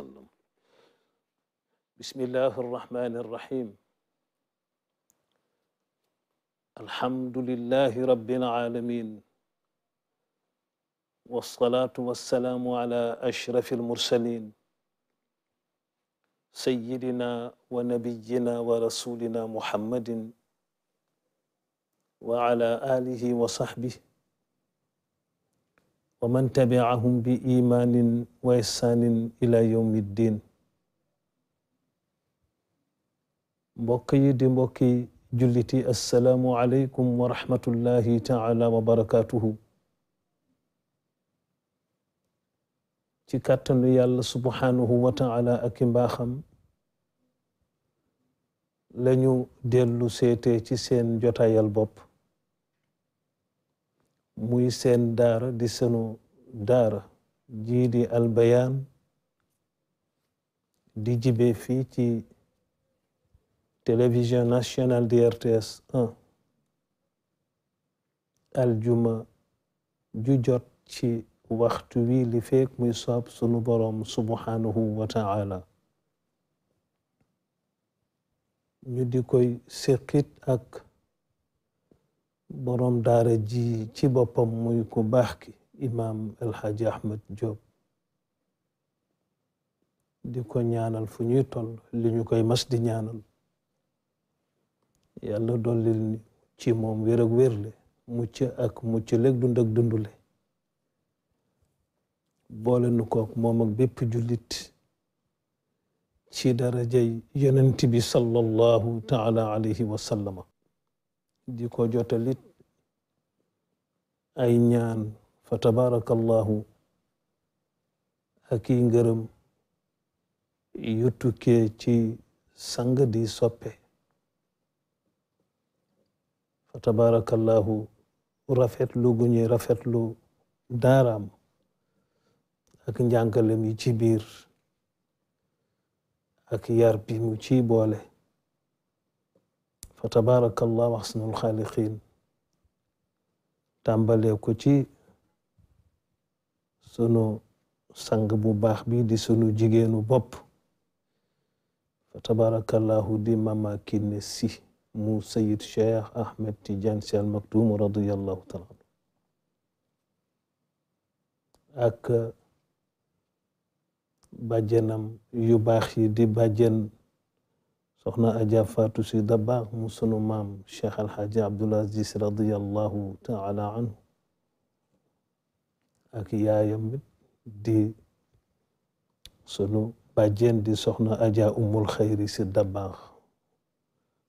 وسلم بسم الله الرحمن الرحيم الحمد لله رب العالمين والصلاة والسلام على أشرف المرسلين سيدنا ونبينا ورسولنا محمد وعلى آله وصحبه ومن تبعهم بإيمان وإحسان إلى يوم الدين بقي دمبوكي جلتي السلام عليكم ورحمة الله تعالى وبركاته تكتن الله سبحانه وتعالى أكيم لنو ديلو سيتي تي سين جوتا يال muy seen daara di senu daara jii di albayaan di jibe fii ci télévision nationale di RTS 1 aljuma ju jot ci waxtu wi li feek muy soob sunu boroom subhanahu wa ta'ala ñu di koy séqit ak boroom daara ji ci boppam muy ko baax ki imaam alxaaji ahmad Diop di ko ñaanal fu ñuy li ñu koy mas di ñaanal yàlla dollil ni ci moom wér ak wérle mucc ak mucc leeg dund ak dundule boole nu kook moom ak bépp jullit ci darajay yonent bi sallallahu taala alayhi wa sallama di ko jotalit ay ñaan fa tabarakallahu ak i ngërëm yu tukkee ci sang di soppe fa tabarakallahu rafetlu gu ñuy rafetlu daaraam ak njàngalem yi ci biir ak yar bi mu ci boole فتبارك الله وحسن الخالقين تامبالي كوتي سونو سانغ بو باخ بي دي سونو جيغينو بوب فتبارك الله دي ماما كينسي مو سيد شيخ احمد تيجان سي المكتوم رضي الله تعالى اك باجنم يو باخ soxna Adja Fatou Sy Dabakh mu sunu maam Cheikh Alhaji Abdoul Aziz radiyallahu taala anhu ak yaayam di sunu bàjjen di soxna Adja Umul Xayri Sy Dabakh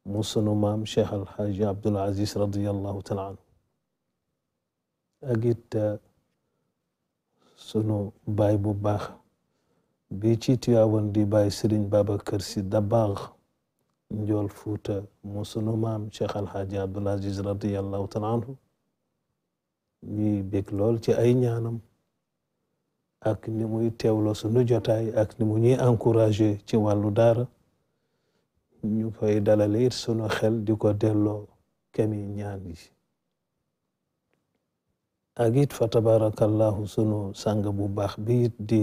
mu sunu maam Cheikh Alhaji Abdoul Aziz radiyallahu taala anhu ak it sunu baay bu baax bi ci Tiwaawan di baay Serigne Babacar Sy Dabakh njool fuuta mu sunu maam cheikh alxaaji abdul radiallahu taala anhu ñuy bég lool ci ay ñaanam ak ni muy teewlo sunu jotaay ak ni mu ñuy encouragé ci wàllu daara ñu koy dalale sunu xel di ko delloo kemi ñaan yi ak it fa tabarakallahu sunu sang bu baax bi it di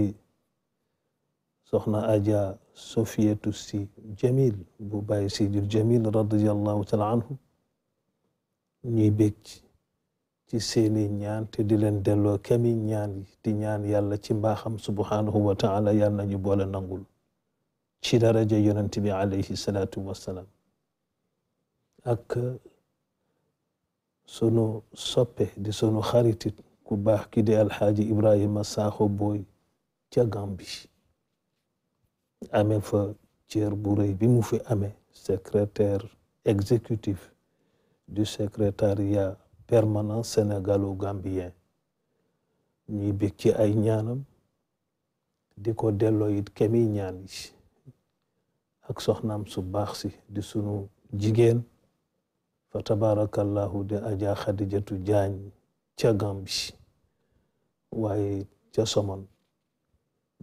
soxna aja sofiyatu si jamil bu bàyyi sidil jamil radiallahu taala anhu ñuy bég ci seeni ñaan te di leen delloo kami ñaan yi di ñaan yàlla ci mbaaxam subhanahu wa taala yàlla nañu boole nangul ci daraja yonent bi alayhi salaatu wassalaam ak sunu soppe di sunu xaritit ku baax ki di alxaaji ibrahima saaxo booy ca Gàmbi amee fa cër bu bi mu fi amé secrétaire exécutif du secrétariat permanent sénégalo-gambien ñuy bég ci ay ñaanam diko dello it kemi ñaan yi ak soxnam su baax di sunu jigen fa tabarakallahu de aja khadijatu jaañ ci gambi waye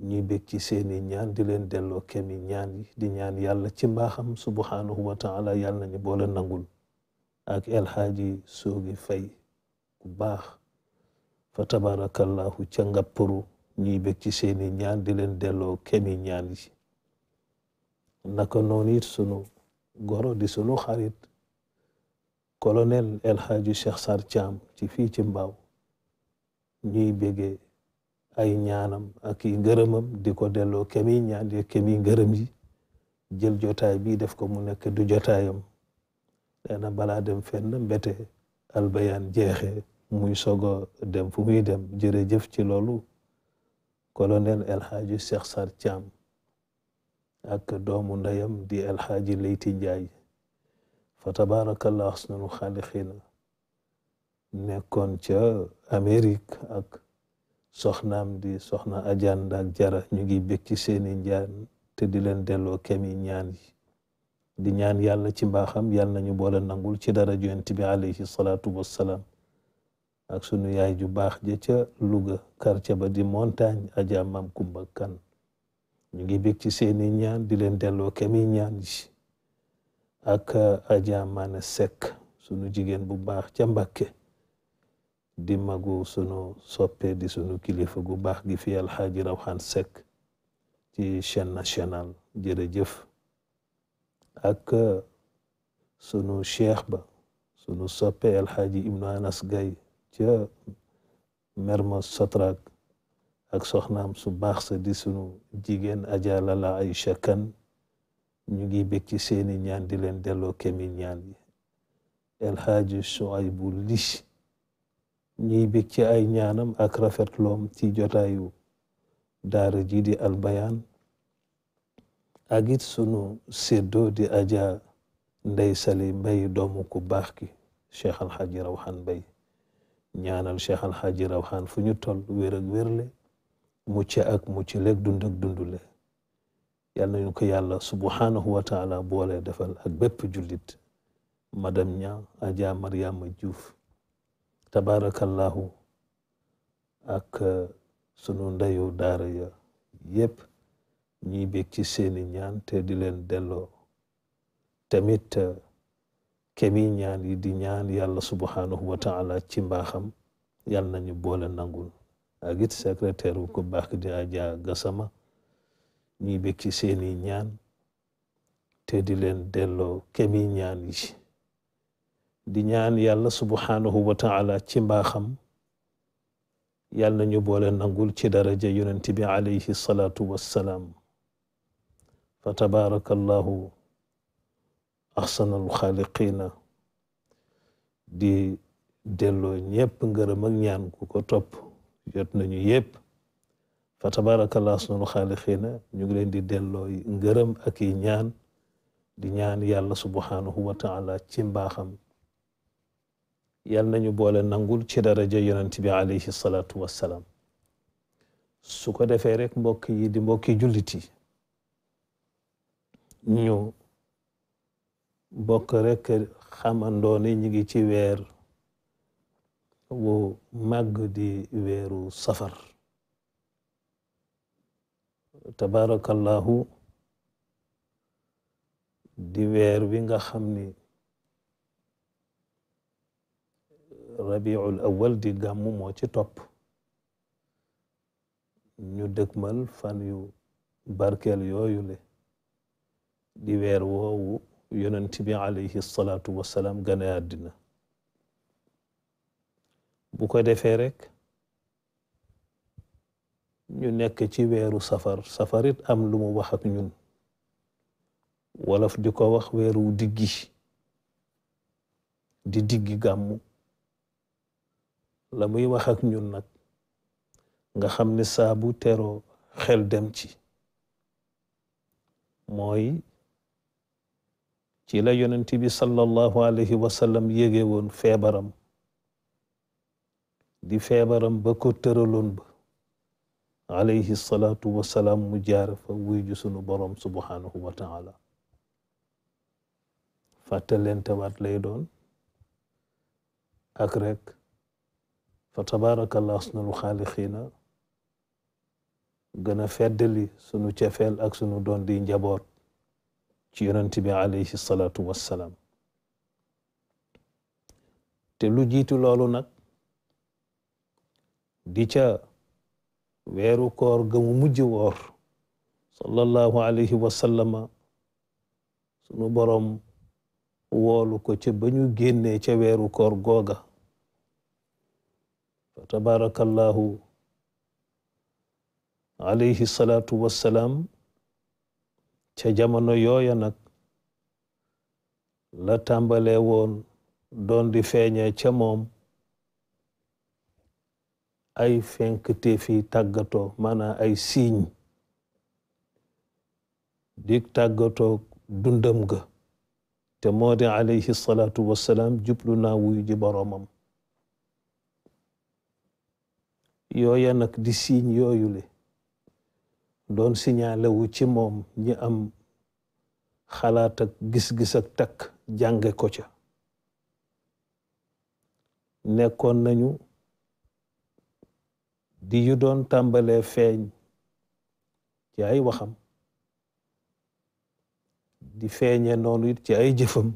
ñuy bég ci seeni ñaan di leen delloo kemi ñaan di ñaan yàlla ci mbaaxam subhanahu wa taala yàlla nañu boole nangul ak El Hadji Soogi Fay ku baax fa tabarakallahu ca ngàpparu ñuy bég ci seeni ñaan di leen delloo kemi ñaan yi naka noonu it sunu goro di sunu xarit colonel El Hadji Cheikh Sar ci fii ci mbaaw ñuy bégee ay ñaanam ak i ngërëmam di ko delloo kemi ñaan di kemi ngërëm yi jël jotaay bii def ko mu nekk du jotaayam dana balaa dem fenn mbete albayaan jeexe muy sogo dem fu muy dem jërëjëf ci loolu colonel El Hadji Cheikh Sarr ak doomu ndeyam di El Hadji Leyti Ndiaye fa tabarakallah ahsanul xaalixiina nekkoon ca Amérique ak soxnaam di soxna ajaan ak jara ñu ngi bég ci seeni njaan te di leen delloo kemi ñaan di ñaan yàlla ci mbaaxam yàlla nañu boole nangul ci dara yonent bi alayhi salaatu wassalaam ak sunu yaay ju baax ja ca Louga quartier ba di montagne ajaa maam Kumba Kan ñu ngi bég ci seeni ñaan di leen delloo kemi ñaan yi ak ajaa maane Sekk sunu jigéen bu baax ca mbake dimagu sunu soppe di sunu kilifa gu bax gi fi alxaaji rawhan sek ci chaîne nationale jërëjëf ak uh, sunu cheikh ba sunu soppe alhaji ibnu anas gay ci merma Sotrac ak soxnam su bax sa di sunu jigen Aja Lala aisha Kan ñu ngi bekk ci seeni ñaan di len delo kemi ñaan yi shuaibul Lish ñuy bég ci ay ñaanam ak rafetloom ci jotaayu daara ji di albayaan ak it sunu séddoo di ajaa ndey sali mbay doomu ku baax ki cheikh alxaaji rawxaan mbay ñaanal cheikh alxaaji rawxaan fu ñu toll wér ak wérle mucc ak mucc lek dund ak dundule yàlla nañu ko yàlla subhanahu wa taala boole defal ak bépp julit madame ña aja mariama diouf tabaarakallahu ak sunu ndeyu daara ya yépp ñuy bég ci seeni ñaan te di leen delloo tamit uh, kemi ñaan yi di ñaan yàlla subhanahu wa taala ci mbaaxam yàlla nañu boole nangul ak it secrétaire bu ko baax di Adja Gassama ñuy bég ci seeni ñaan te di leen delloo kemi ñaan yi di ñaan yàlla subhanahu wa taala ci mbaaxam yàl ñu boole nangul ci daraja yonent bi alayhi salaatu wassalaam fa tabaraka allahu axsana alxaaliqina di delloo ñépp ngërëm ak ñaan ku ko topp jot nañu yépp fa tabaraka allahu axsana ñu ngi leen di delloo ngërëm ak ñaan di ñaan yàlla subhanahu wa taala ci mbaaxam yal nañu boole nangul ci daraja yonent bi alayhi salaatu wassalaam su ko defee rek mbokk yi di mbokki jullit yi ñu bokk rek xamandoo ne ñu ngi ci weer wu màgg di weeru safar tabaarakallahu di weer wi nga xam ni rabiul awal di gàmmu moo ci topp ñu dëgmal fan yu barkeel yooyu le di weer woowu yonent bi alayhi salaatu wasalaam gane àddina bu ko defee rek ñu nekk ci weeru safar safarit am lu mu wax ak ñun wolof di ko wax weeru diggi di diggi gàmmu la muy wax ak ñun nag nga xam sa bu tero xel dem ci moy ci la yonent bi sallallahu alayhi wa sallam yegge won febaram di febaram ba ko tëraloon ba alayhi salaatu wasalaam mu jaar fa wuy ju sunu borom subhanahu wa taala fàttalente wat lay don ak rek فتبaarak allah asnul xaalixiina gën a feddali sunu cefeel ak sunu doon di njaboot ci yonent bi alayhi salaatu wassalaam te lu jiitu loolu nag di ca weeru koor ga mu mujj woor sallallahu alayhi wasallama sunu boroom woolu ko ca ba ñu génnee ca weeru koor googa tabaarakallahu alayhi salaatu wassalaam ca jamono yooya nag la tàmbalee woon doon di feeñee ca moom ay fenk te fi tàggatoo maanaam ay siiñ di tàggatoo dundam ga te moo di alayhi salaatu wassalaam jublu naa wuyu ji boroomam yooya nag di signe yooyu le doon signalé ci moom ñi am xalaat ak gis-gis a takk jànge ko ca nekkoon nañu di yu doon tàmbalee feeñ ci ay waxam di feeñe noonu it ci ay jëfam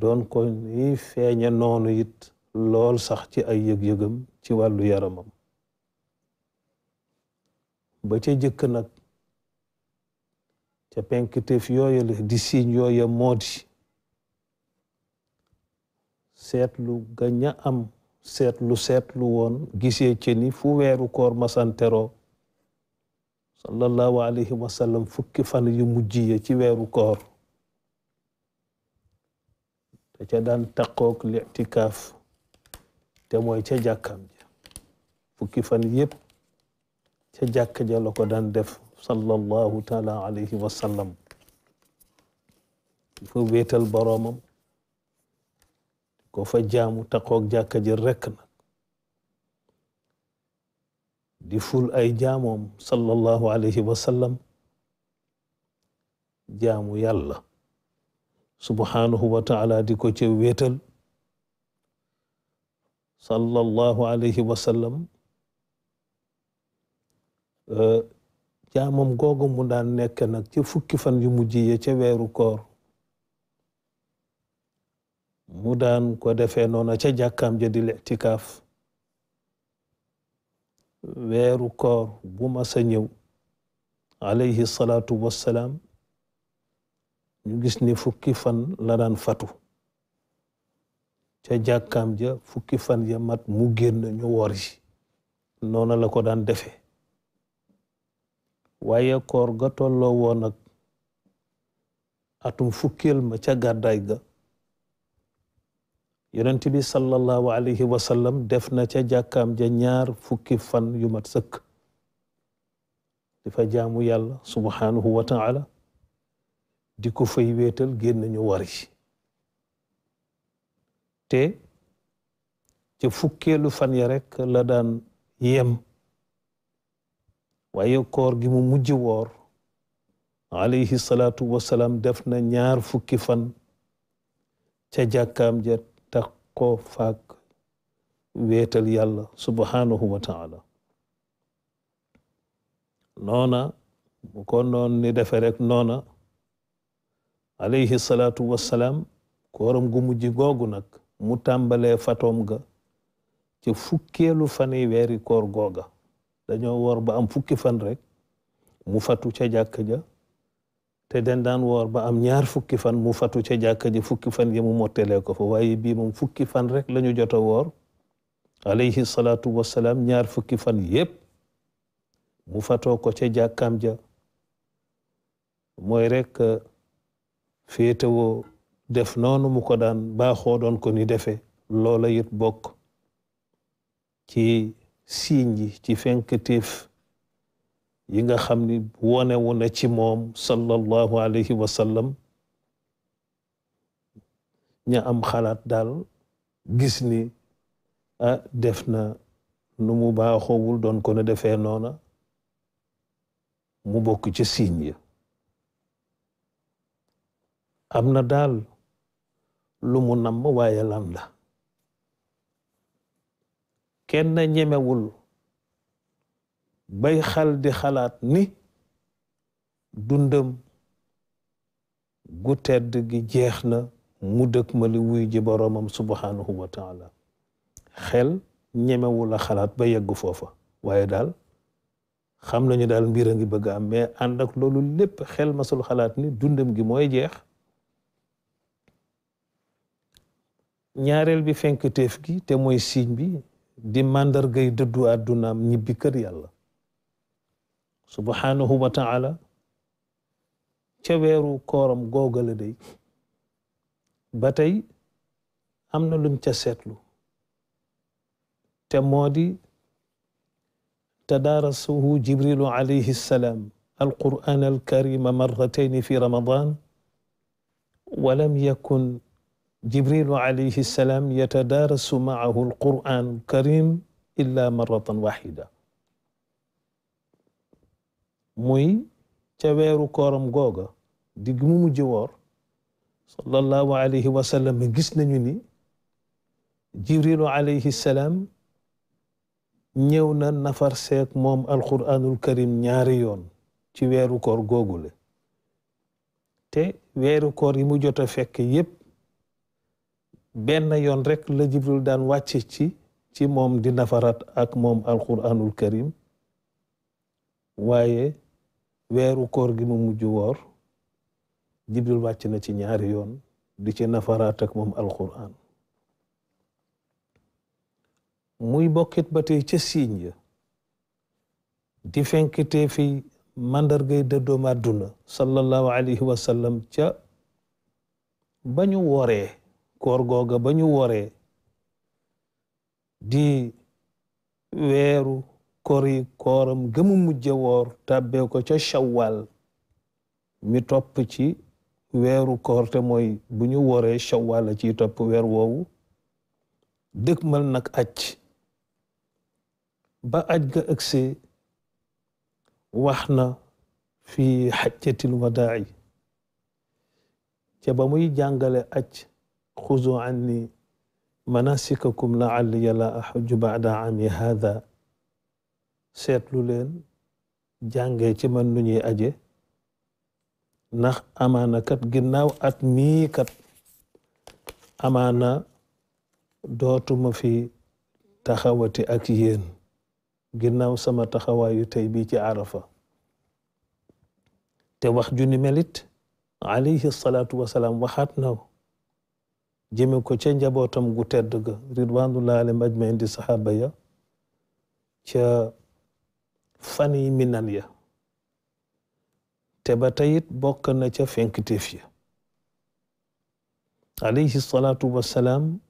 doon ko ni feeñe noonu it lool sax ci ay yëg-yëgam ci wàllu yaramam ba ca jëkk nag ca penktef yooya la di siiñ yooya moo di seetlu gaña am seetlu seetlu woon gisee ci ni fu weeru koor masanteroo sallallahu alayhi wa fukki fan yu mujj ya ci weeru koor te ca daan taqoog litikaaf te mooy ca jàkkam ja fukki fan yëpp ca jàkk ja la ko daan def sallallahu taala alayhi wa sallam di fa wéetal boroomam ko fa jaamu taqoog jàkka ji rekk nag di ful ay jaamoom sallallahu alayhi wa sallam jaamu yàlla subhanahu wa taala di ko ca wéetal صلى الله عليه وسلم جامم غوغو مو دان نيك نك تي فوكي فان يو مودي تي ويرو كور مو دان كو ديفه نونا تي جاكام جي دي الاعتكاف ويرو كور بوما سا نيو عليه الصلاه والسلام ني غيس ني فوكي فان لا دان فاتو ca jàkkaam ja fukki fan ya mat mu génn ñu wor noona la ko daan defe waaye koor ga tolloo woon ak atum fukkeel ma ca gàddaay ga yonent bi sallallahu alayhi wa sallam def na ca jàkkaam ja ñaar fukki fan yu mat sëkk difa fa jaamu yàlla subhanahu wa ta'ala di ko fay wéetal génn ñu wor te ci fukkelu fan ya rek la daan yem waaye koor gi mu mujj woor alayhi salaatu wasalaam def na ñaar fukki fan ca jàkkaam ja takko faak wéetal yàlla subhanahu wa noona bu ko noon ni defe rek noona alayhi salaatu wasalaam kooram gu mujj googu nag mu tàmbalee fatoom ga ca fukkeelu fani weeri koor googa dañoo woor ba am fukki fan rek mu fatu ca jàkk ja te den daan woor ba am ñaar fukki fan mu fatu ca jàkk ja fukki fan yi mu mottele ko fa waaye bii moom fukki fan rek lañu ñu jot a woor alayhi salaatu wasalaam ñaar fukki fan yépp mu fatoo ko ca jàkkaam ja mooy rek uh, féetewoo def noonu mu ko daan baaxoo doon ko ni defe loola it bokk ci siiñ yi ci fenkatéef yi nga xam ni wonewu na ci moom sallallahu alayhi wa sallam am xalaat daal gis ni a def na nu mu baaxoowul doon ko ne defee noona mu bokk ci siiñ ya am na daal lumu nam waye waaye lan la kenn ñemewul bay xal di xalaat ni dundam gu tedd gi jeexna mu dëkk ma li wuy ji boromam subhanahu wa taala xel ñemewul a xalaat ba yegg fofa waye dal xam nañu daal mbir a ngi bëgg am mais ànd ak loolu lépp xel masul xalaat ni dundam gi moy jeex ñaarel bi fenk teef gi te mooy signe bi di màndargay dëddu àddunaam ñibbi kër yàlla subhanahu wa taala ca weeru kooram googale day ba tey am na luñ ca seetlu te moo di tadaarasuhu jibrilu alayhi salaam القرآن الكريم مرتين في رمضان ولم يكن جبريل عليه السلام يتدارس معه القرآن الكريم إلا مرة واحدة موي تاوير كورم غوغا ديغمو جوار صلى الله عليه وسلم غيس نيوني جبريل عليه السلام نيونا نفر سيك موم القران الكريم نياريون يون كور غوغول تي ويرو كور يمو جوتا فك ييب benn yoon rekk la jibril daan wàcce ci ci moom di nafarat ak moom alquranul karim waaye weeru koor gi mu mujj woor jibril wàcc na ci ñaari yoon di ci nafaraat ak moom alquran muy bokkit ba tey ca siiñ ya di fenkite fi mandargay dëddoom àdduna sallallahu alayhi wa ca ba ñu wooree koor googa ba ñu woree di weeru kori kooram gëmu mujje woor tàbbee ko ca shawwal mi topp ci weeru koor mooy bu ñu woree shawwal la ciy topp weer woowu dëgmal nag aj ba aj ga ëgsee wax na fi xajjatil wadaa'i ca ba muy jàngale aj خذوا عني مناسككم لعلي لا أحج بعد عامي هذا سيت لولين جانجي تمن نوني أجي نخ امانا كت جناو أتمي كت امانا دوتو مفي تخوتي أكيين جناو سما تخوى يتي بيتي عرفة توخجوني ملت عليه الصلاة والسلام وحاتناو jëme ko ce njabootam gu tedd ga ridwanullah alayhim ajmain di saxaaba ya ca fan yi minan ya te ba bokk na ca fenkitéef ya alayhi salaatu wassalaam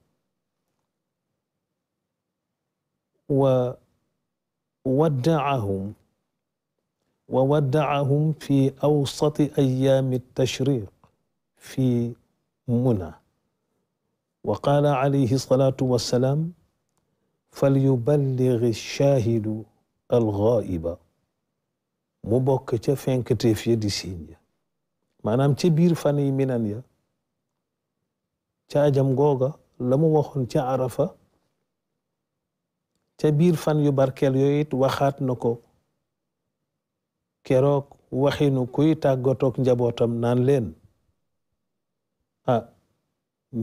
wa waddaahum وودعهم في أوسط أيام التشريق في منى وقال عليه الصلاة والسلام فليبلغ الشاهد الغائب مبوك تفين كتف يدي سينيا ما نام تبير فاني منانيا تاجم غوغا لمو وخون تعرفا تبير فان يباركال يويت وخات نكو كيروك وحينو كويتا غوتوك نجابوتم نان لين آه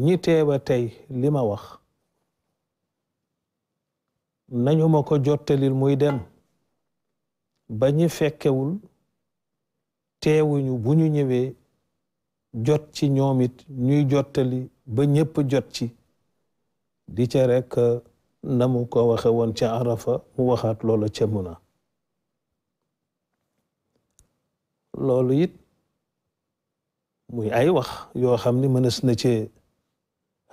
ñi teewa tey li ma wax nañu ma ko jottalil muy dem ba ñi fekkewul teewuñu bu ñu ñëwee jot ci ñoom it ñuy jottali ba ñépp jot ci di ca rekk na mu ko waxe woon ca Arafa mu waxaat loola ca Muna loolu it muy ay wax yoo xam ni mënees na cee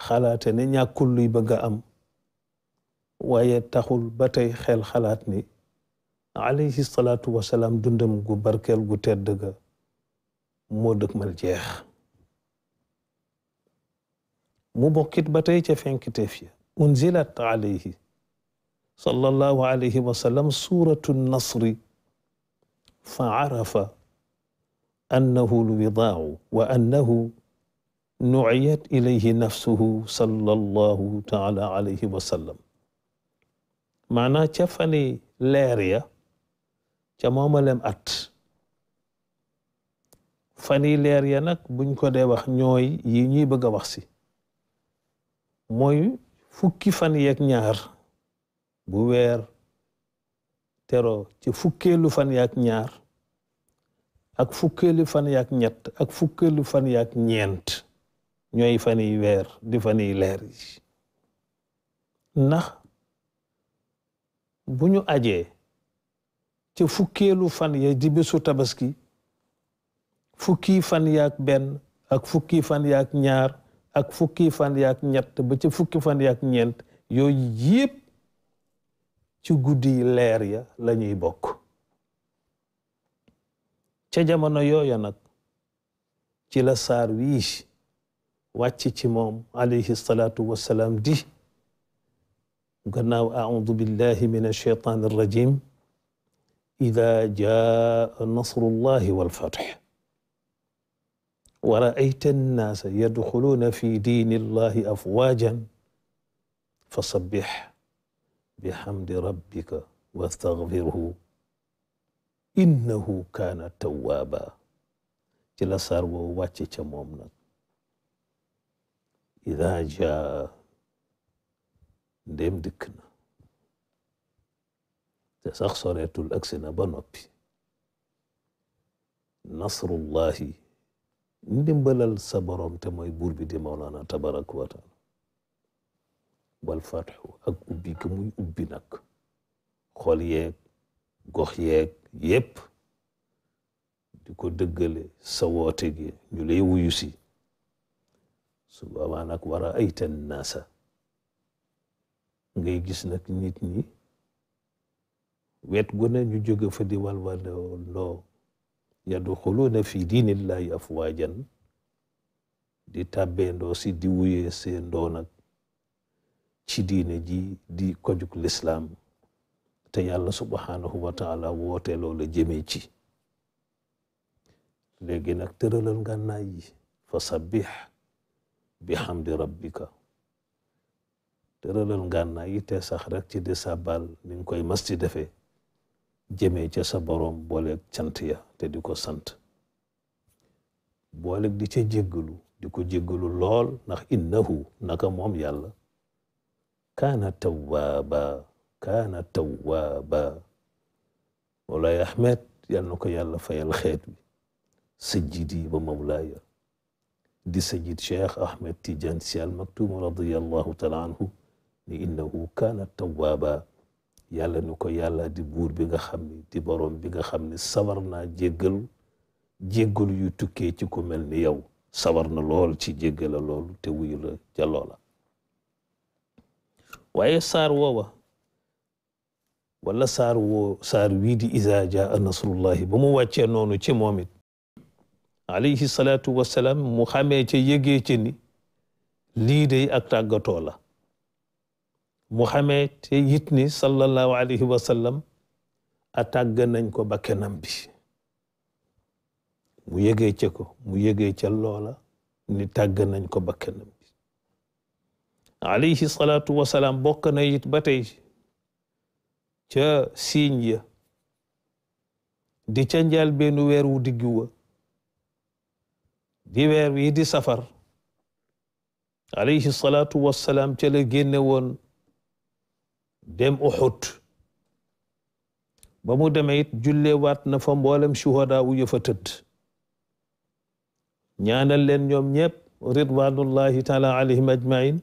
xalaate ne ñàkkul luy bëgg a am waaye taxul ba tey xel xalaat ni alayhi salaatu wasalaam dundam gu barkel gu tedd ga moo dëgmal jeex mu bokkit ba tey ca fenkteef ya unzilat alayhi sallallahu alayhi wa sallam suratu nasri fa arafa annahu lwidaau wa annahu nuciyat ilayhi nafsuhu sallallahu taala alayhi wa sallam maanaa ca fani leer ya ca moomalem at fani leer ya nag buñ ko dee wax ñooy yi ñuy bëgg a wax si mooy fukki fan yeeg ñaar bu weer tero ci fukkeelu fan yaak ñaar ak fukkeelu fan yaak ñett ak fukkeelu fan yaak ñeent ñooy fan yi weer di fan yi leer yi ndax bu ñu ajee ci fukkeelu fan ya di tabaski fukki fan yaak benn ak fukki fan yaak ñaar ak fukki fan yaak ñett ba ci fukki fan yaak ñeent yooyu yépp ci guddi leer ya lañuy bokk ca jamono yooya nag ci la saar wii واتي تيموم عليه الصلاة والسلام دي قلنا أعوذ بالله من الشيطان الرجيم إذا جاء نصر الله والفتح ورأيت الناس يدخلون في دين الله أفواجا فصبح بحمد ربك واستغفره إنه كان توابا جلسار وواتي تيموم إذا جاء ديم دكنا تسخصر يتو الأكسنا بنوبي نصر الله ندم بلال صبر تما يبور بدي مولانا تبارك وتعالى والفتح أك أبيك مي أبينك خليك غخيك يب ديكو دقلي سواتيك نولي ويوسي subhanak wa raayta annasa ngay gis nag nit ñi wet gu ne ñu jóge fa di wal wa noo yadoxuluuna fi diinillahi afwajan di tàbbeendoo si di wuyee see ndoo nag ci diine ji di kojug lislaam te yàlla subhanahu wa taala woote loola jëmee ci léegi nag tëralal nga naay yi fa sabbix bihamdi rabbika tëralal ngànnaay yi te sax rek ci di sàbbal ni nga koy mas ci defee jëmee ca sa boroom booleeg cant ya te di ko sant booleeg di ca jéggalu di ko jéggalu lool ndax innahu naka moom yàlla kaana tawwaaba kaana tawwaaba moolaay ahmed yàlla na ko yàlla fayal xeet bi sajjidi ba mawlaaya di sajid cheikh ahmed tijan si al maktum radiallahu anhu ni innahu kaana tawaaba yàlla ni ko yàlla di buur bi nga xam ni di boroom bi nga xam ni sawar naa jéggal jéggalu yu tukkee ci ku mel ni yow sawar na lool ci jéggala loolu te wuyu loola waaye saar woowa wala saar woo wii di iza jaa nasrullahi ba mu wàccee noonu ci moom it alayhi salaatu wasalaam mu xamee ca yëgee ca lii day ak tàggatoo la mu xamee te it ni sallallahu alayhi wa a tàgg nañ ko ba kenam bi mu yëgee ca ko mu yëgee ca loola ni tàgg nañ ko ba kenam bi alayhi salaatu wasalaam bokk na it ba tey ca siiñ ya di ca njaal benn weer wu digg di weer wi di safar alayhi salaatu wassalaam ca la génne woon dem Uhud ba mu demee it jullewaat na fa mboolem shuhadaa wu yëfa tëdd ñaanal leen ñoom ñépp ridwanullahi taala alayhim ajmain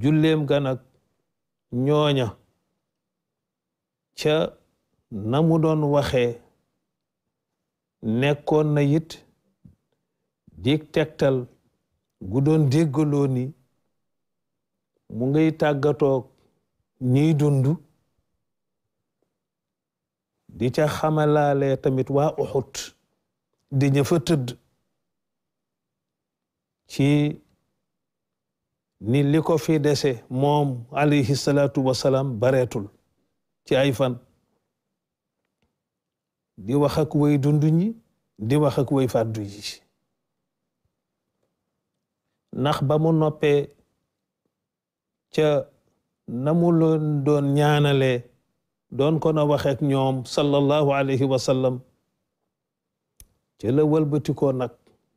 julleem ga nag ñooña ca na mu doon waxee nekkoon na yit dig tegtal gu doon déggaloo ni mu ngay tàggatoo ñiy dund di ca xamalaale tamit wa uxut di ña tëdd ci ni li ko fi dese moom alayhi salaatu wasalaam bareetul ci ay fan di wax ak way dund di waxak woy way yi ndax ba mu noppe ca na mu loon doon ñaanalee doon kona na wax ñoom sallallahu alayhi wa ca la wëlbatikoo nag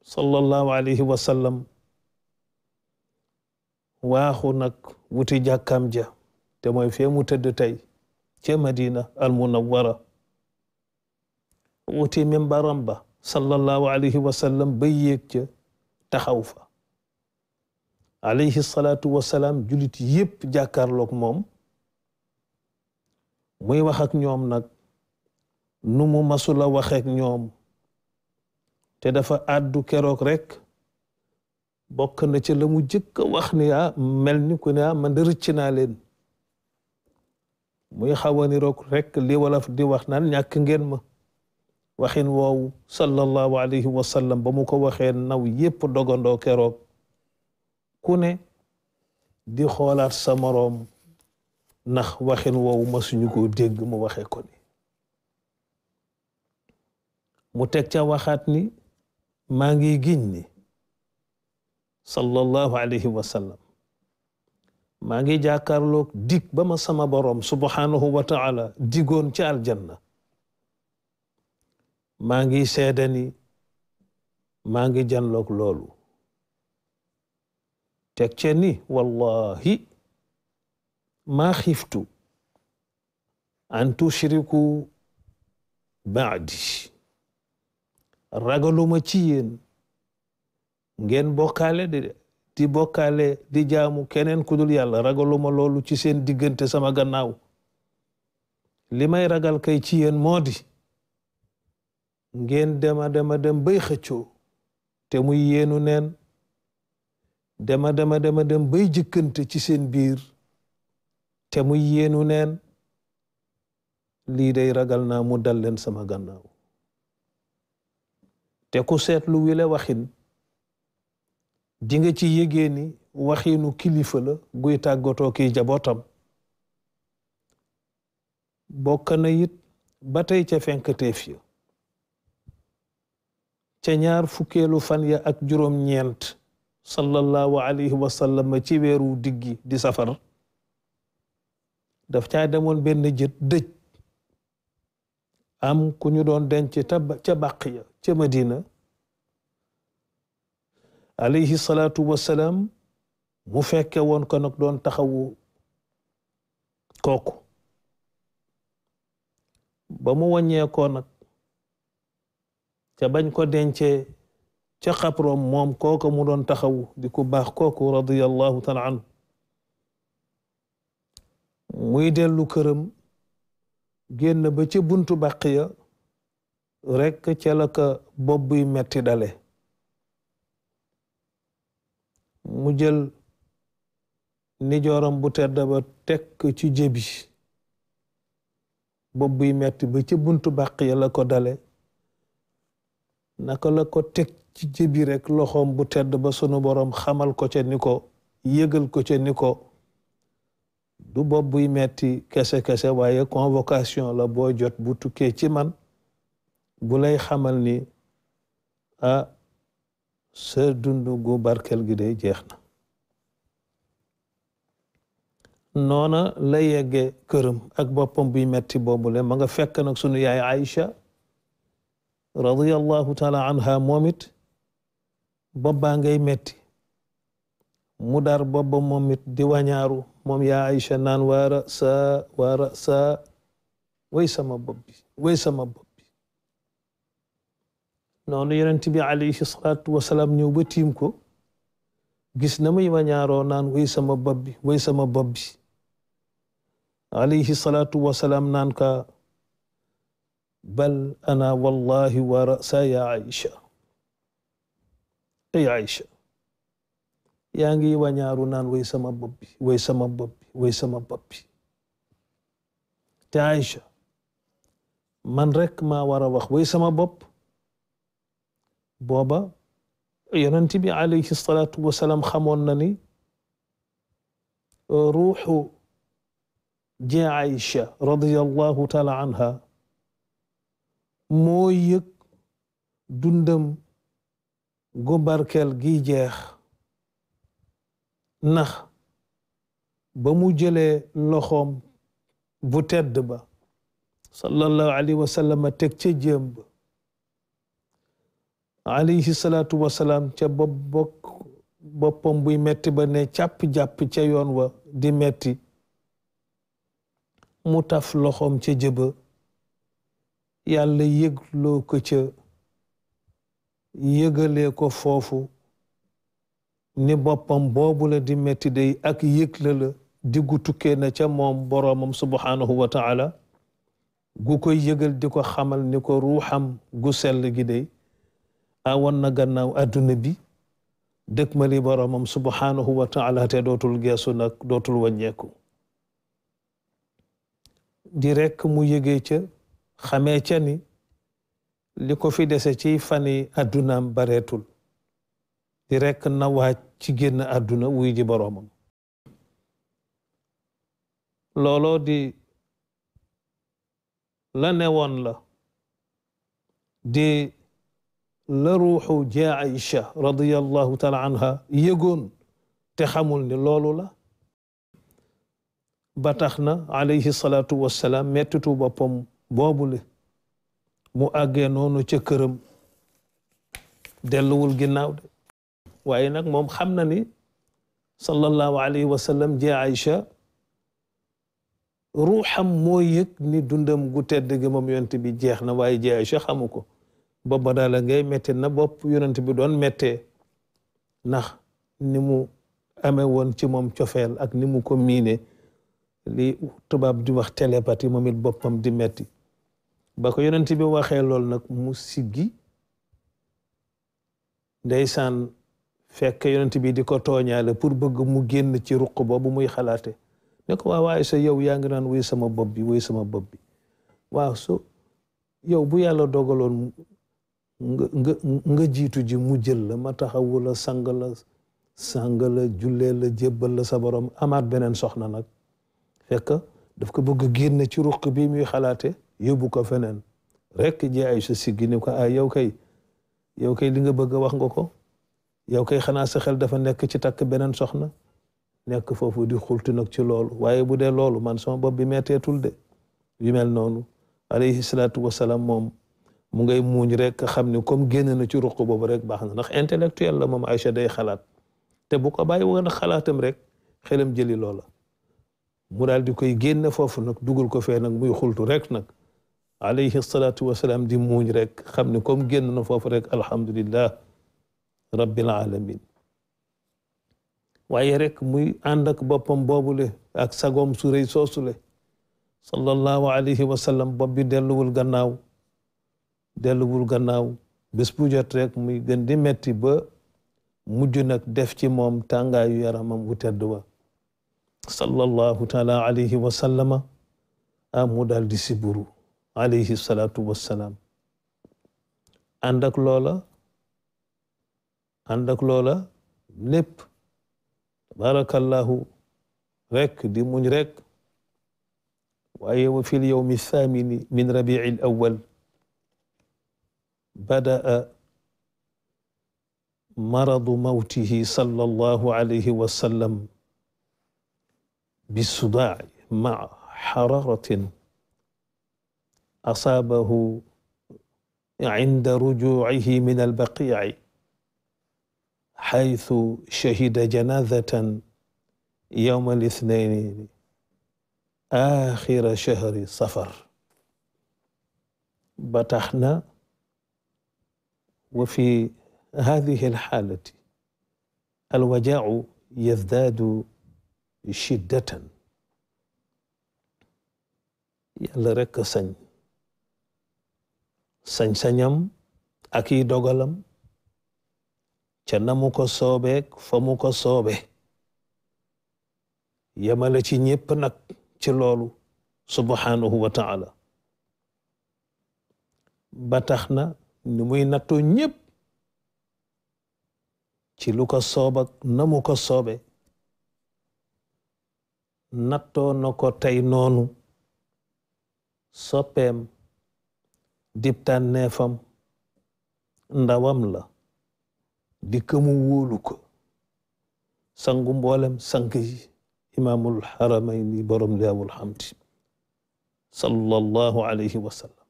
sallallahu alayhi wa sallam waaxu nag wuti jàkkaam ja te mooy fee mu tëdd tey ca madina al munawwara wuti mimbaram ba sallallahu alayhi wa sallam ba yéeg ca taxaw fa alayhi salaatu wasalaam julit yépp jàkkaarloog moom muy wax ak ñoom nag nu mu masula waxeek ñoom te dafa àddu keroog rek bokk na ci la mu jëkk wax ni ah mel ni ku ne ah man rëcc naa leen muy xaw a niroog rek li wolof di wax naan ñàkk ngeen ma waxin woowu sallallahu alayhi wa sallam ba mu ko waxee naw yépp dogandoo keroog ku ne di xoolaat sa moroom ndax waxin woowu masuñu ko dégg mu waxe ko ni mu teg ca waxaat ni maa ngi giñ ni sallallahu alayhi wa sallam maa ngi jàkkaarloog dig ba ma sama boroom subhanahu wa taala digoon ca aljanna maa ngi seede ni maa ngi janlook loolu tekceni ce ni wallahi maa xiftu an tushriku baadi ragaluma ci ngeen bokkaale di di bokkaale di jaamu keneen ku dul yàlla ragaluma loolu ci seen diggante sama gannaaw li may ragal kay ci yéen moo di ngeen dema dema dem bay xëccoo te muy yéenu neen dema dema dema dem bay jëkkante ci seen biir te muy yéenu neen lii day ragal na mu dal leen sama gànnaaw te ku seetlu wile waxin di ci yégée ni waxiinu kilifa la guy tàggatoo kiy jabootam bokk na it ba tey ca fenkateef ya ca ñaar fukkeelu fan ya ak juróom-ñeent sallallahu alayhi wa sallam ci weeru diggi di safar daf caa demoon benn jët dëj am ku ñu doon denc ca Baqiya ca Madina alayhi salaatu wasalaam mu fekke woon ko nag doon taxawu kooku ba mu wàññeekoo nag ca bañ ko dencee ca xaprom moom kooka mu doon taxaw di ku baax kooku radiyallahu taala anhu muy dellu këram génn ba ca buntu baqiya rekk ca la ka bopp buy metti dale mu jël nijooram bu tedd ba tekk ci jëbi bopp buy metti ba ca buntu baqiya la ko dale naka la ko teg ci jëbi rek loxoom bu tedd ba sunu boroom xamal ko ca ni ko yëgal ko ci ni ko du bopp buy metti kese kese waaye convocation la boo jot bu tukkee ci man bu lay xamal ni a sa dund gu barkel gi day jeex na noona la yegge këram ak boppam buy metti boobu boobule ma nga fekk nag sunu yaay Aïcha radiyallahu taala anha moom it bobbaa ngay metti mu dar bobba moom it di wañaaru moom yaa Aïcha naan waara saa waara saa way sama bopp bi way sama bopp bi noonu yonent bi alayhi salaatu wasalaam ñëw ba tiim ko gis na muy wañaaroo naan way sama bopp bi way sama bopp bi alayhi salaatu wasalaam naan ka بل أنا والله ورأسا يا عائشة يا عائشة يانجي ونيارو نان ويسما ببي ويسما ببي ويسما ببي تي عائشة من رك ما ورا وخ ويسما بب بابا يننتبي عليه الصلاة والسلام خمونني روحو جي عائشة رضي الله تعالى عنها moo yëg dundam gu barkeel gi jeex ndax ba mu jëlee loxoom bu tedd ba sallallahu alayhi wa sallam teg ca jéem ba alayhi salaatu wasalaam ca bopp bokk boppam buy metti ba ne càpp-jàpp ca yoon wa di metti mu taf loxoom ca jëba yàlla yëgloo ko ca yëgalee ko foofu ni boppam boobu la di metti day ak yëgla la diggu tukkee na ca moom boroomam subhaanahu wa taala gu koy yëgal di ko xamal ni ko ruuxam gu sell gi day awoon na gannaaw adduna bi dëkk ma li boroomam subhaanahu wa taala te dootul geesu nag dootul wàññeeku di rekk mu yëgee xamee ca ni li ko fi dese ci fani aduna bareetul di rek na waaj ci génn aduna wuy ji boroomam looloo di la newoon la di la ruuxu jaa Aïcha radiyallahu taala anha yëgoon te xamul ni loolu la ba tax na alayhi salaatu wassalaam mettitu boppam boobule mu àggee noonu ca këram delluwul ginnaaw de waaye nag moom xam na ni sallallahu alayhi wa sallam ji Aïcha ruuxam moo yëg ni dundam gu tedd gi moom yonent bi jeex na waaye ji Aïcha xamu ko boba daal la ngay métti na bopp yonent bi doon méttee ndax ni mu amee woon ci moom cofeel ak ni mu ko miine li tubaab di wax télépathie moom it boppam di metti ba ko yonent bi waxee lool nag mu siggi ndeysaan fekk yonent bi di ko tooñaale pour bëgg mu génn ci ruq boobu muy xalaate ne ko waaw sa yow yaa ngi naan woy sama bopp bi woy sama bopp bi waaw so yow bu yàlla dogaloon nga nga jiitu ji mu jël la ma taxawula la sang la sang la jullee la sa borom amaat beneen soxna nag fekk daf ko bëgg génn ci ruq bi muy xalaate يبوكا فنان رك جي عايشة سيجيني وكا آه يو بغا وخنغو كو يو كي خنا سخل دفا نك تاك بنان سخنا نك فوفو دي خلط نك چي لول وايه بو دي لول من سوان بابي ميتة تول دي يمال نونو عليه الصلاة والسلام موم مونغي مونج رك خمني كوم جيني نچو رقو بو برك بحنا نخ انتلكتو يلا موم عايشة دي خلات te bu ko bàyyi wu gën a xalaatam rek xelam jëli loola mu daal di koy génne foofu nag dugal ko fee nag muy xultu alayhi salaatu wasalaam di muuñ rek xam ne comme génn na foofu rek alhamdulillah rabbil alamin waaye rek muy ànd ak boppam boobule ak sagoom su rëy soosule sallallahu alayhi wa sallam bopp bi delluwul gannaaw delluwul gannaaw bés bu jot rek muy gën di metti ba mujj nag def ci moom tàngaayu yaramam bu tedd wa sallallahu taala alayhi wa sallama mu daal di siburu عليه الصلاة والسلام عندك لولا عندك لولا لب بارك الله رك دي من رك وفي اليوم الثامن من ربيع الأول بدأ مرض موته صلى الله عليه وسلم بالصداع مع حرارة أصابه عند رجوعه من البقيع حيث شهد جنازة يوم الاثنين آخر شهر صفر بتحنا وفي هذه الحالة الوجاع يزداد شدة يلا ركسن sañ-sañam ak dogalam ca namu ko soobeek famu ko soobe yamale ci ñépp nag ci loolu subhanahu wa taala ba na ni muy nattoo ñépp ci lu ko soob ak ko soobe nattoo na ko tey noonu soppeem dib tànneefam ndawam la di këmu wóolu ko sangu mboolem sank yi imaamul xaramayni borom liyaawul xamdi sallallahu alayhi wa sallam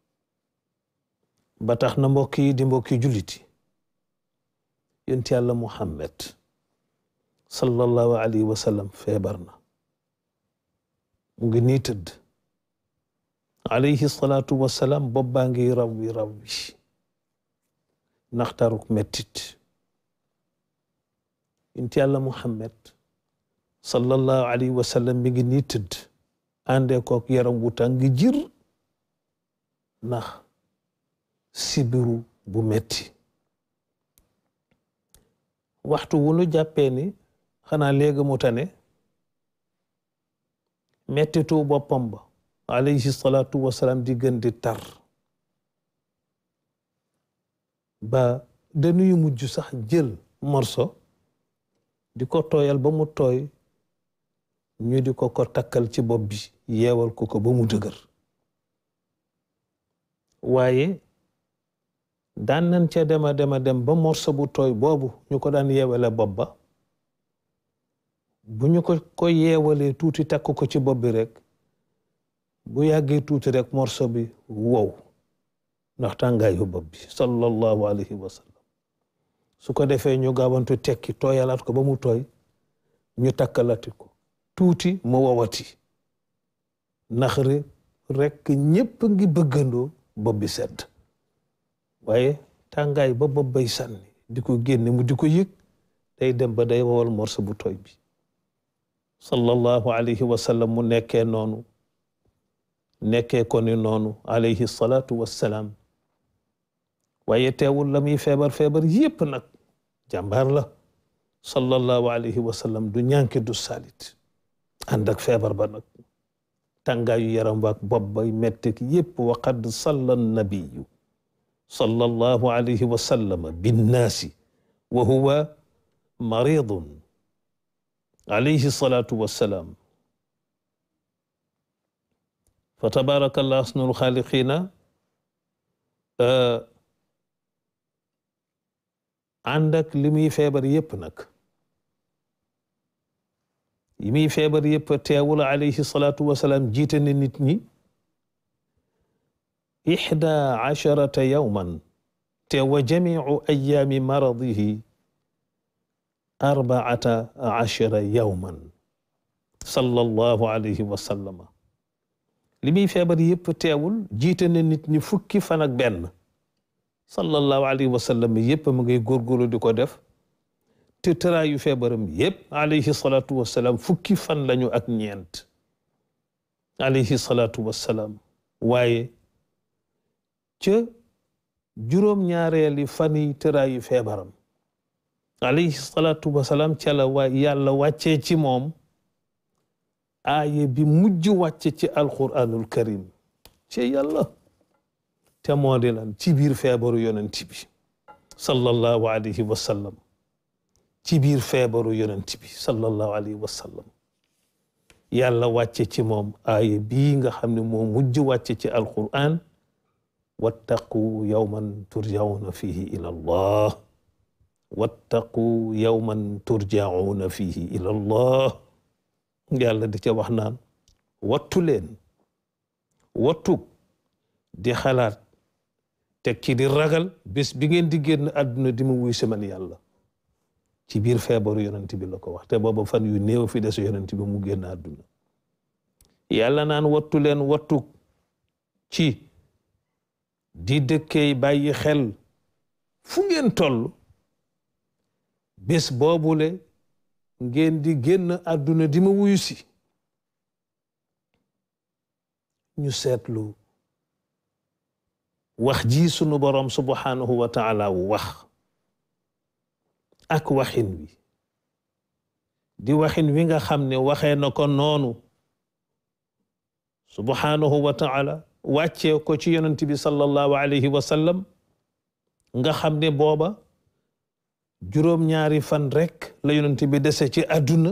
ba tax na mbokk yi di mbokki julliti yonent yàlla muhammad sallallahu alayhi wa sallam feebar na mu ngi nii tëdd عليه الصلاة والسلام ببانغي ربي ربي نختارك متت انت الله محمد صلى الله عليه وسلم مغنيتد عندك وك يرم وتانغي جير نخ سيبرو بمتي وقتو ونو جابيني خنا ليغ موتاني متتو بوبامبا alayhi salaatu wasalaam di gën di tar ba dañuy mujj sax jël morso di ko tooyal ba mu tooy ñu di ko ko takkal ci bopp bi yeewal ko ko ba mu dëgër waaye daan nañ ca dema dema dem ba morso bu tooy boobu ñu ko daan yeewale bopp ba bu ñu ko ko yeewalee tuuti takk ko ci bopp bi rek bu yàggee tuuti rekk morso bi wow ndax tàngaayu bopp bi alayhi wa su ko defee ñu gaawantu tekki tooyalaat ko ba mu tooy ñu takkalati ko tuuti mu wowati ndax rekk ñépp ngi bëggandoo bopp bi sedd waaye tàngaay ba bopp bay sànni di ko génne mu di ko yëg day dem ba day wowal morso bu tooy bi sallallahu alayhi wa sallam mu nekkee noonu nekkee ko ni noonu alayhi salaatu wassalaam waaye teewul la muy feebar feebar yépp nag jàmbaar la sallallahu alayhi wa sallam du ñànki du salit ànd ak feebar ba nag tàngaayu yaram waak bopp bay mettek yépp wa qad salla nabiyu sallallahu alayhi wa sallam binnaasi wa huwa maridun alayhi salaatu wassalaam فتبارك الله أحسن الخالقين آه، عندك لمي فيبر يبنك يمي فيبر يب تاول عليه الصلاة والسلام جيتني نتني إحدى عشرة يوما تيو جميع أيام مرضه أربعة عشر يوما صلى الله عليه وسلم li muy feebar yëpp teewul jiite na nit ñi fukki fan ak benn sallallahu alayhi wa sallam yëpp mu ngay góorgóorlu di ko def te tëraayu feebaram yëpp alayhi salaatu wa salaam fukki fan lañu ak ñeent alayhi salaatu wa salaam waaye ca juróom-ñaareeli fan yi tëraayu feebaram alayhi salaatu wa salaam ca la waa yàlla wàccee ci moom aaye bi mujj wàcce ci alquranul karim ci yàlla te moo di lan ci biir feebaru yonent bi sallallahu alayhi wa sallam ci biir feebaru yonent bi sallallahu alayhi wa sallam yàlla wàcce ci moom aaye bii nga xam ne moo mujj wàcce ci alquran wattaqu yawman turjauna fihi ila allah wattaqu yawman turjauna fihi ila allah يالا دي تي واخ نان واتو لين واتو دي خالات تكي دي راغال بس بي نين دي ген ادنا دي مو وي سمال يالا تي بير فيبر يونت بي لاكو واخ تي بابا فان يو نيو في ديسو يونت بي مو ген ادنا يالا نان واتو لين واتو تي دي دكي باي خيل فو نين تولو بس بوبو لي ngeen di génn àdduna di ma wuyu si ñu seetlu wax ji sunu borom subhanahu wa taala wax ak waxin wi di waxin wi nga xam ne waxee na ko noonu subhanahu wa taala wàccee ko ci yonent bi sallallahu alayhi wa sallam nga xam ne booba juróom-ñaari fan rek la yonent bi dese ci àdduna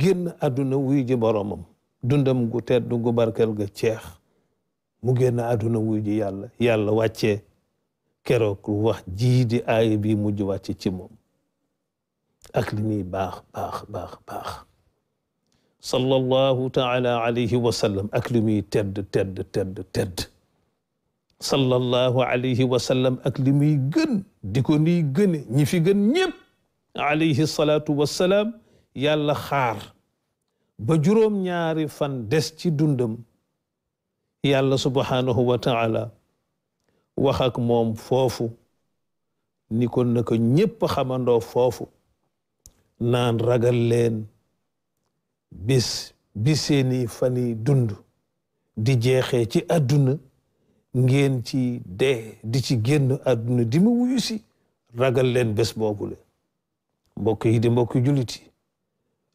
génn àdduna wuy ji boroomam dundam gu tedd gu barkeel ga ceex mu génn àdduna wuy yàlla yàlla wàcce keroog wax jii di aaya bi mujj wàcce ci moom ak li muy baax baax baax baax sallallahu taala alayhi wa sallam ak li muy tedd tedd tedd tedd صلى الله عليه وسلم اكلمي جن دكوني جن نيفي جن ني في گن نيب عليه الصلاه والسلام يالا خار بجروم جوروم نياري فان ديس تي دوندم يالا سبحانه وتعالى وخاك موم فوفو نيكون نكو نيب خماندو فوفو نان راغال لين بس بسيني فاني دوندو دي جيخه تي ادونه ngeen ci dee di ci génn àdduna di ma wuyu ragal leen bés boobule mbokk yi di mbokk jullit yi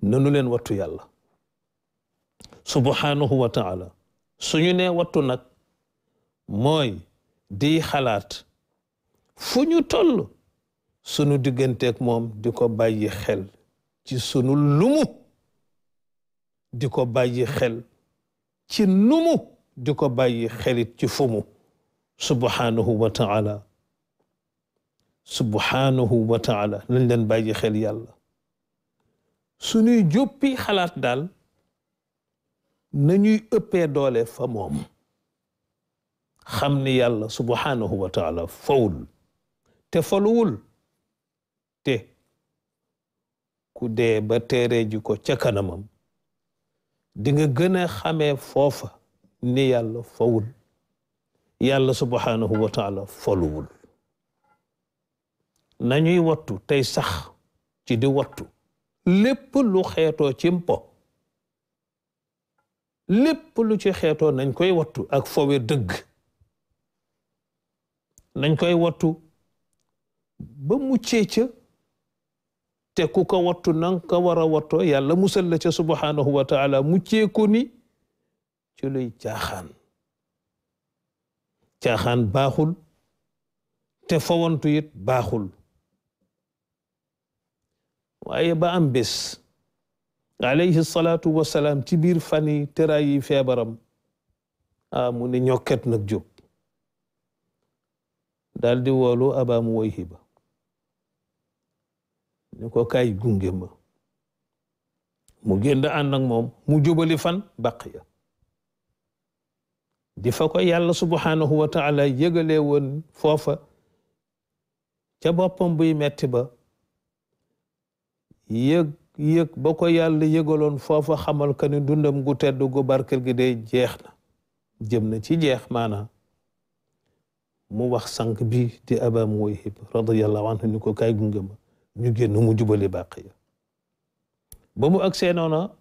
nanu leen wattu yàlla subhanahu wa taala suñu nee wattu nag mooy di xalaat fu ñu toll sunu digganteeg moom di ko bàyyi xel ci sunu lumu di ko bàyyi xel ci numu di ko bàyyi xelit ci fumu subhanahu wa taala subhanahu wa taala nañ leen bàyyi xel yàlla suñuy joppi xalaat daal nañuy ëppee doole fa moom xam ni yàlla subhanahu wa taala fawul te faluwul te ku dee ba téere ji ko ca kanamam di nga gën a xamee foofa ni yàlla fawul yàlla subhanahu wa taala foluwul nañuy wattu tey sax ci di wattu lépp lu xeetoo ci mpo lépp lu ci xeetoo nañ koy wattu ak fowe dëgg nañ koy wattu ba muccee ca te ku ko wattu nang ko war a wattoo yàlla musal la ca subhanahu wa taala muccee ko ni ci luy caaxaan caaxaan baaxul te fawantu it baaxul waaye ba am bés alayhi salaatu wasalaam ci biir fan yi tëraay yi feebaram a mu ne ñokket nag jóg daal di woolu abaamu woy hiba ko kaay gunge ma mu génn ànd ak moom mu jubali fan bàq ya di fa ko yàlla subhanahu wa taala yëgalee woon foofa ca boppam buy metti ba yëg yëg ba ko yàlla yëgaloon foofa xamal ka ni dundam gu tedd gu barkel gi day jeex na jëm na ci jeex maanaam mu wax sànq bi di aba muwayhib radiyallahu anhu ni ko kaay gunge ma ñu génn mu jubali bàq ya ba mu agsee noona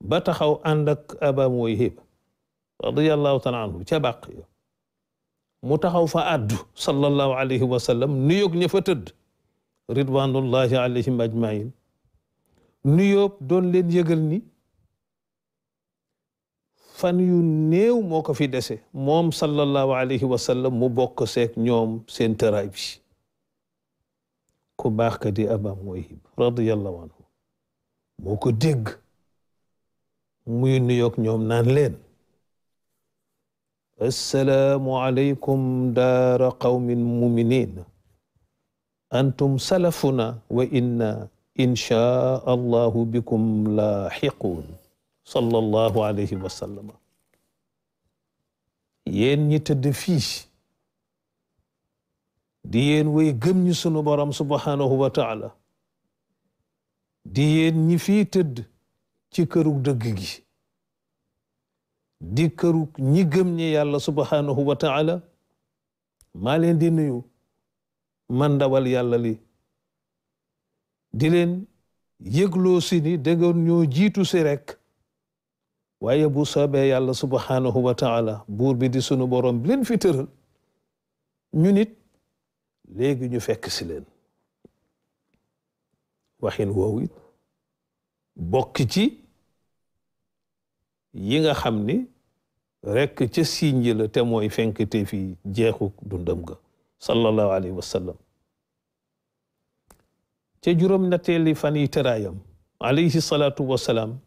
ba taxaw ànd ak aba muwayhib رضي الله تعالى عنه تباقي متهو فأد صلى الله عليه وسلم نيوك نفتد رضوان الله عليهم أجمعين نيوك دون لين يغلني فان يو نيو موك في دسي موم صلى الله عليه وسلم مبوك سيك نيوم سين ترايبش كباك دي أبا مويهب رضي الله عنه موكو ديغ مو نيوك نيوم نان لين السلام عليكم دار قوم مؤمنين أنتم سلفنا وإنا إن شاء الله بكم لاحقون صلى الله عليه وسلم ين يتدفيش ديين وي گم ني سبحانه وتعالى ديين ني في تد di këru ñi gëm ñi yàlla subhanahu wa taala maa leen di nuyu mandawal yàlla li di leen yëgloo si ni da ñoo jiitu si rek waaye bu soobee yàlla subhanahu wa taala buur bi di sunu borom bi leen fi ñu nit léegi ñu fekk si leen waxin woowu it ci yi nga xam ni rekk ca siiñ la te mooy fenkte fi jeexu dundam ga sallallahu alayhi wa sallam ca juróom natteeli fan yi tëraayam alayhi wa wasalaam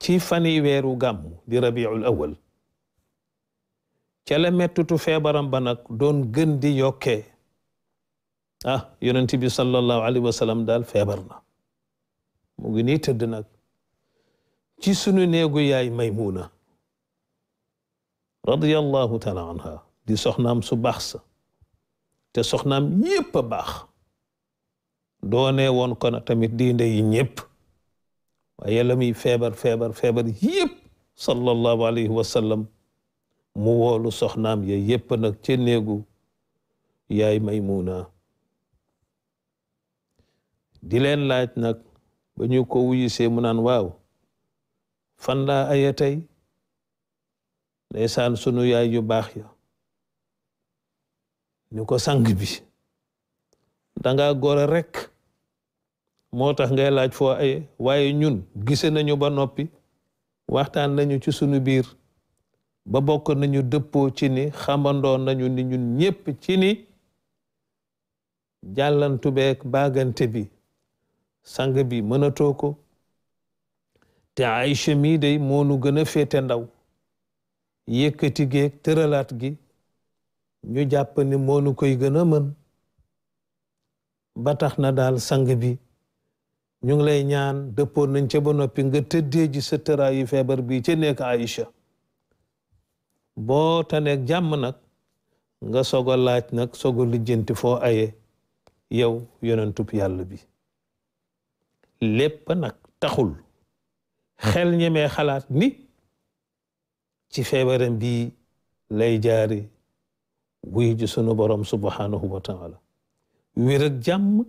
ci fan yi weeru gàmm di rabiul awal ca la mettutu feebaram ba nag doon gën di yokkee ah yonent bi sallallahu alayhi wa sallam daal feebar na mu ngi nii tëdd nag ci sunu néegu yaay Maymuna radiyallahu taala anha di soxnaam su baax sa te soxnaam yépp a baax doone woon ko nag tamit di ndey ñépp waaye la muy feebar feebar feebar yépp sallallahu alayhi wa sallam mu woolu soxnaam ya yépp nag ca néegu yaay Maymuna di leen laaj nag ba ñu ko wuyisee mu naan waaw fan laa aye tey ndeysaan sunu yaay yu baax ya ni ko sang bi danga goro rekk moo tax ngay laaj foo aye waaye ñun gise nañu ba noppi waxtaan nañu ci sunu biir ba bokk nañu dëppoo ci ni xamandoo nañu ni ñun ñépp ci ni jàllantu beeg baagante bi sang bi mënatoo ko te Aïcha mii day moonu gën a féete ndaw yëkkati geeg tëralaat gi ñu jàpp ne moonu koy gën a mën batax na daal sang bi ñu ngi lay ñaan dëppoon nañ ca ba noppi nga tëddee ji sa tëraayu feebar bi ca nekk Aïcha boo taneeg jàmm nag nga soog a laaj nag soog a foo aye yow yonentub yàlla bi lépp nag taxul xel ñemee xalaat ni ci feebaram bi lay jaari wuy sunu borom subhanahu wa taala wér ak jàmm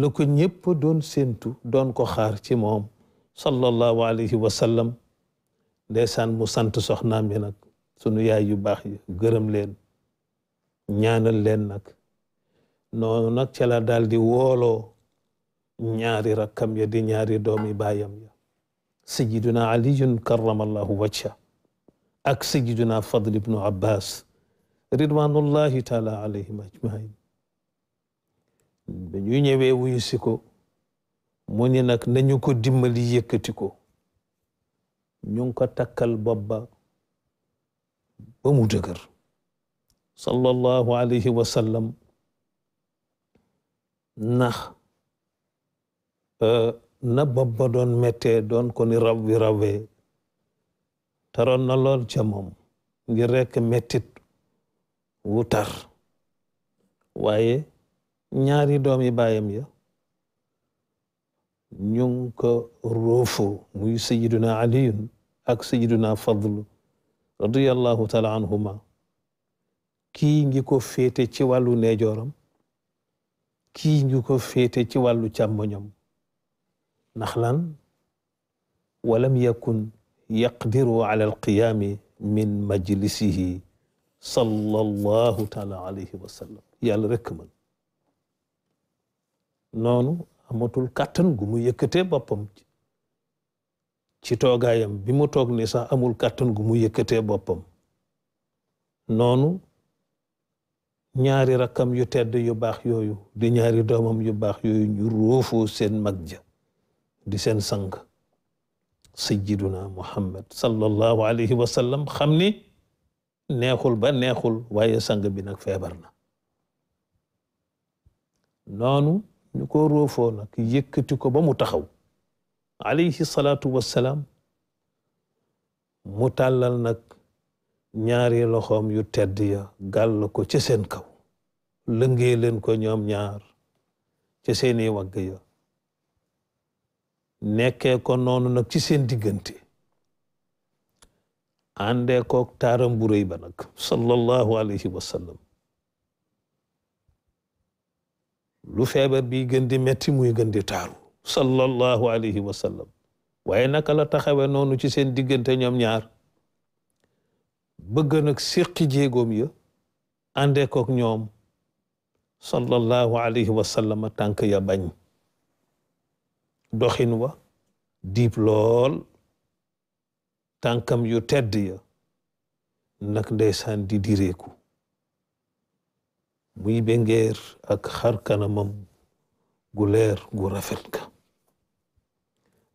la ko ñëpp doon séentu doon ko xaar ci moom sallallahu alayhi wa sallam ndeysaan mu sant soxnaam yi nag sunu yaay yu baax yi gërëm leen ñaanal leen nag noonu nag ca la daal di wooloo ñaari rakkam ya di ñaari doomi baayam سيدنا علي كرم الله وجهه أك سيدنا فضل بن عباس رضوان الله تعالى عليهم أجمعين بنيو نيوي ويسيكو موني ناك نانيو كو ديمالي ييكاتيكو نيو كو تاكال بابا بامو دغر صلى الله عليه وسلم نخ ا أه na babba ɗon mettee ɗon koni rawwi rawee taron nalor jamom ngirreke mettit wutar waye ñaari doomi bayam ya ñun ko roofo muy sayiduna aliyun ak sayiduna fadlu radiallahu taala anhuma kii ngi ko féete ci wàllu neejooram kii ngi ko féete ci wàllu càmmoñam نخلا ولم يكن يقدر على القيام من مجلسه صلى الله تعالى عليه wasallam yàlla rekk man noonu amatul kàttan gu mu yëkkatee boppam ci toogaayam bi mu toog ni sax amul kàttan gu mu yëkkatee boppam noonu ñaari rakkam yu tedd yu baax yooyu di ñaari doomam yu baax yooyu ñu róofoo seen mag ja di sen sang sayyiduna muhammad sallallahu alayhi wa sallam xam neexul ba neexul waye sang bi nak feebar na noonu ñu ko rofo nak yekati ko ba mu taxaw alayhi salatu wassalaam mu tàllal nak ñaari loxom yu tedd ya gal ko ci sen kaw lëngee ko ñom ñaar ci seeni wagg ya nekkee ko noonu nag ci seen diggante àndee koog taaram bu rëy ba nag sallallahu alayhi wa lu feebar bi gën di metti muy gën di taaru sallallahu alayhi wa sallam waaye naka la taxawe noonu ci seen diggante ñoom ñaar bëgg nag séqi jéegoom ya àndee koog ñoom sallallahu alayhi wa sallam tànk ya bañ doxin wa diib lool tànkam yu tedd ya nag ndeysaan di direeku muy bengeer ak xar kanamam gu leer gu rafet ka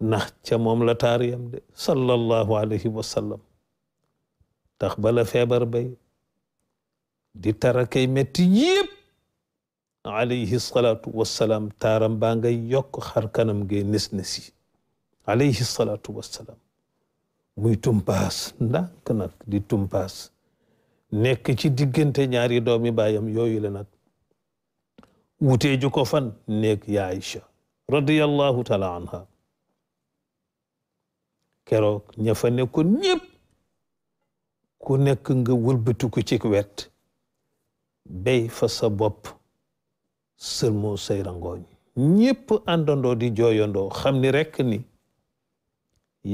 ndax ca moom la taariyam de sallallahu alayhi wa sallam tax bala feebar bay di tarakay metti yépp alayhi salaatu wassalaam taaram baa ngay yokk xar kanam ngay nes nesi alayhi salaatu muy tumpaas ndànk nag di tumpaas nekk ci diggante ñaari doomi baayam yooyu la nag wutee ju ko fan nekk ya Aïcha radiyallahu taala anha keroog ña fa nekkoon ñépp ku nekk nga wëlbatiku ci wet bay fa sa bopp sëlmu say rangooñ ñépp àndandoo di jooyandoo xam ni rekk ni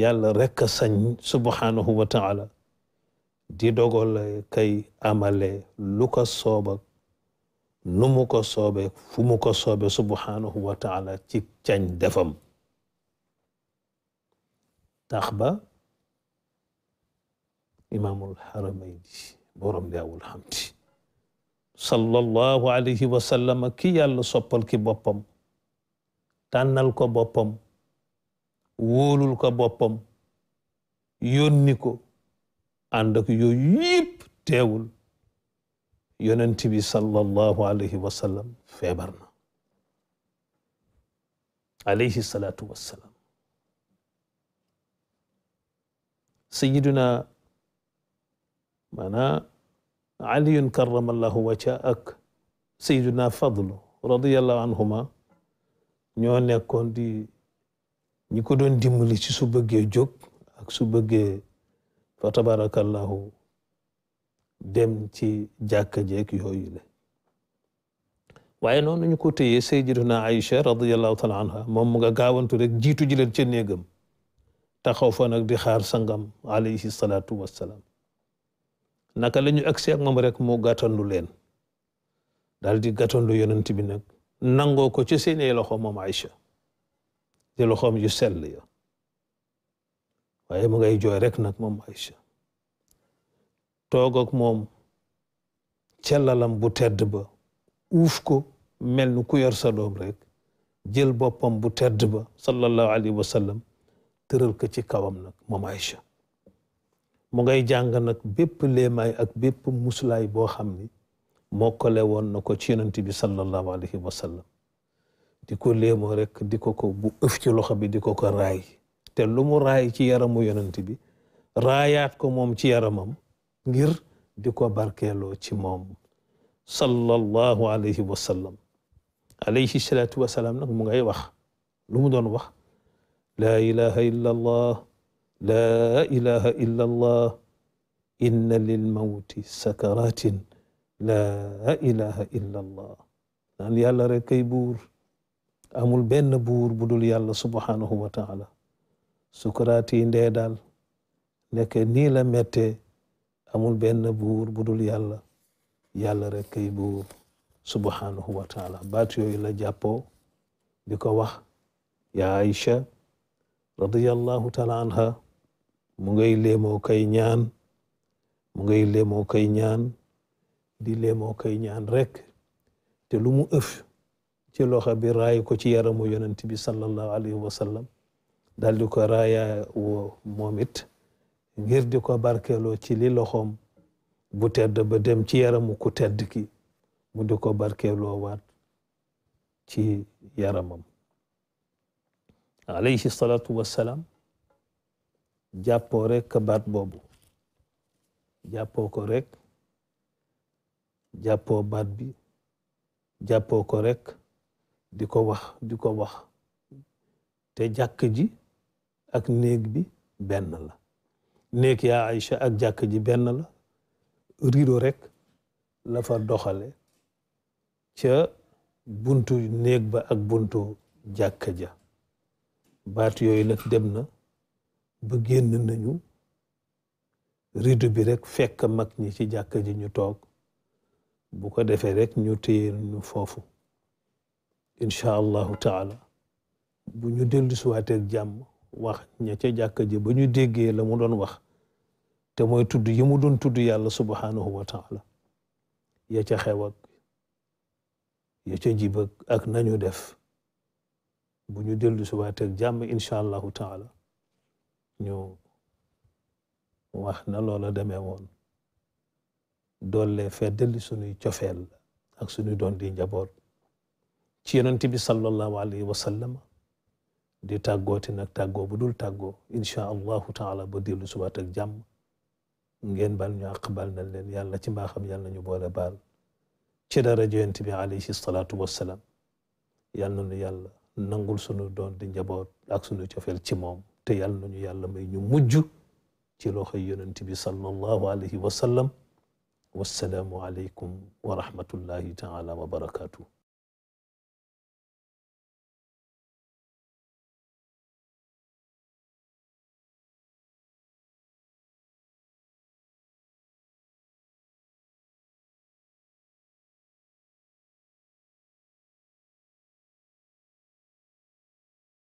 yàlla rekk sañ subhanahu wa taala di dogale kay amale lu ko sooba numu mu soobe fu mu ko soobe subhanahu wa taala ci cañ defam tax ba imaamul xaramay di borom daawul xamti صلى الله عليه وسلم كي يالا صبل كي بوبم تانال كو بوبم وولول كو بوبم يونيكو عندك يويب تيول يننتبي صلى الله عليه وسلم فيبرنا عليه الصلاة والسلام سيدنا منا aliyun karamallahu waca ak sayduna fadlu radiallahu anhuma ñoo nekkoon di ñu ko doon dimbali ci su bëggee jóg ak su bëggee fa tabarakallahu dem ci jàkka jeeg yooyu le waaye noonu ñu ko téyee sayyidatuna Aïcha radiyallahu taala moom mu nga gaawantu rek jiitu ji leen ca néegam taxaw fa nag di xaar sangam alayhi salaatu wassalaam naka la ñu agsi ak rek mu gàttandu leen daal di gàttandu yonent bi nag nangoo ko ci seeni loxo moom Aïcha ci loxoom yu sell ya waaye mu ngay jooy rek nag moom Aïcha toog moom cellalam bu tedd ba uuf ko mel ni ku yor sa doom rek jël boppam bu tedd ba sallallahu alayhi wa sallam tëral ko ci kawam nag moom Aïcha mu ngay jàng nag bépp léemaay ak bépp muslaay bo xam ni mokkale woon ci yonenti bi sallallahu alayhi wa sallam di ko léemoo rek di ko ko bu euf ci loxo bi di ko ko te lu mu ci yaramu yonenti bi rayat ko mom ci yaramam ngir di ko ci mom sallallahu alayhi wa sallam alayhi salaatu wasallam nag mu ngay wax lu mu wax laa ilaha illallah لا إله إلا الله إن للموت سكرات لا إله إلا الله نان يالا ركي بور أمول بن بور بدول يالا سبحانه وتعالى سكرات إندال نك نيلا متى أمول بن بور بدول يالا يالا ركي بور سبحانه وتعالى باتيو إلا جابو ديكو وح يا عائشة رضي الله تعالى عنها mu nga léemoo kay ñaan mu ngay léemoo kay ñaan di léemoo kay ñaan rek te lu mu ëf ci loxo bi raay ko ci yaramu yonent bi sallallahu alayhi wa sallam di ko raaya woo moom ngir di ko barkeeloo ci li loxoom bu tedd ba dem ci yaramu ku tedd ki mu di ko barkeeloo waat ci yaramam alayhi salaatu wassalaam jàppoo rek baat boobu jàppoo ko rekk jàppoo baat bi jàppoo ko rekk di ko wax di ko wax te jàkk ji ak néeg bi benn la néeg yaa Aïcha ak jàkk ji benn la rido rekk la doxale ca buntu néeg ba ak buntu jàkk ja baat yooyu nag dem na ba génn nañu rido bi rek fekk mag ñi ci jàkka ji ñu toog bu ko defee rek ñu téye ñu foofu incha allahu taala bu ñu dellu suwaatee ak jàmm wax ña ca jàkka ji ba ñu déggee la mu doon wax te mooy tudd yi mu doon tudd yàlla subhanahu wa taala ya ca xew ak ya ca jib ak nañu def bu ñu dellu suwaatee jàmm incha allahu taala ñu wax na loola demee woon doole feddali sunuy cofeel ak suñu doon di njaboot ci yonent bi sallallahu alayhi wa sallam di tàggooti nag tàggoo bu dul tàggoo incha allahu taala ba dellu subaat ak jàmm ngeen bal ñu àq bal nañ leen yàlla ci mbaaxam yàlla ñu boole baal ci daraja yonent bi alayhi salaatu wassalaam yàlla na nu yàlla nangul sunu doon di njaboot ak sunu cofeel ci moom te yàlla nañu yàlla may ñu mujj ci loxoy yonent bi sallallahu alayhi wa sallam wassalaamu aleykum wa rahmatullahi taala wa barakaatu.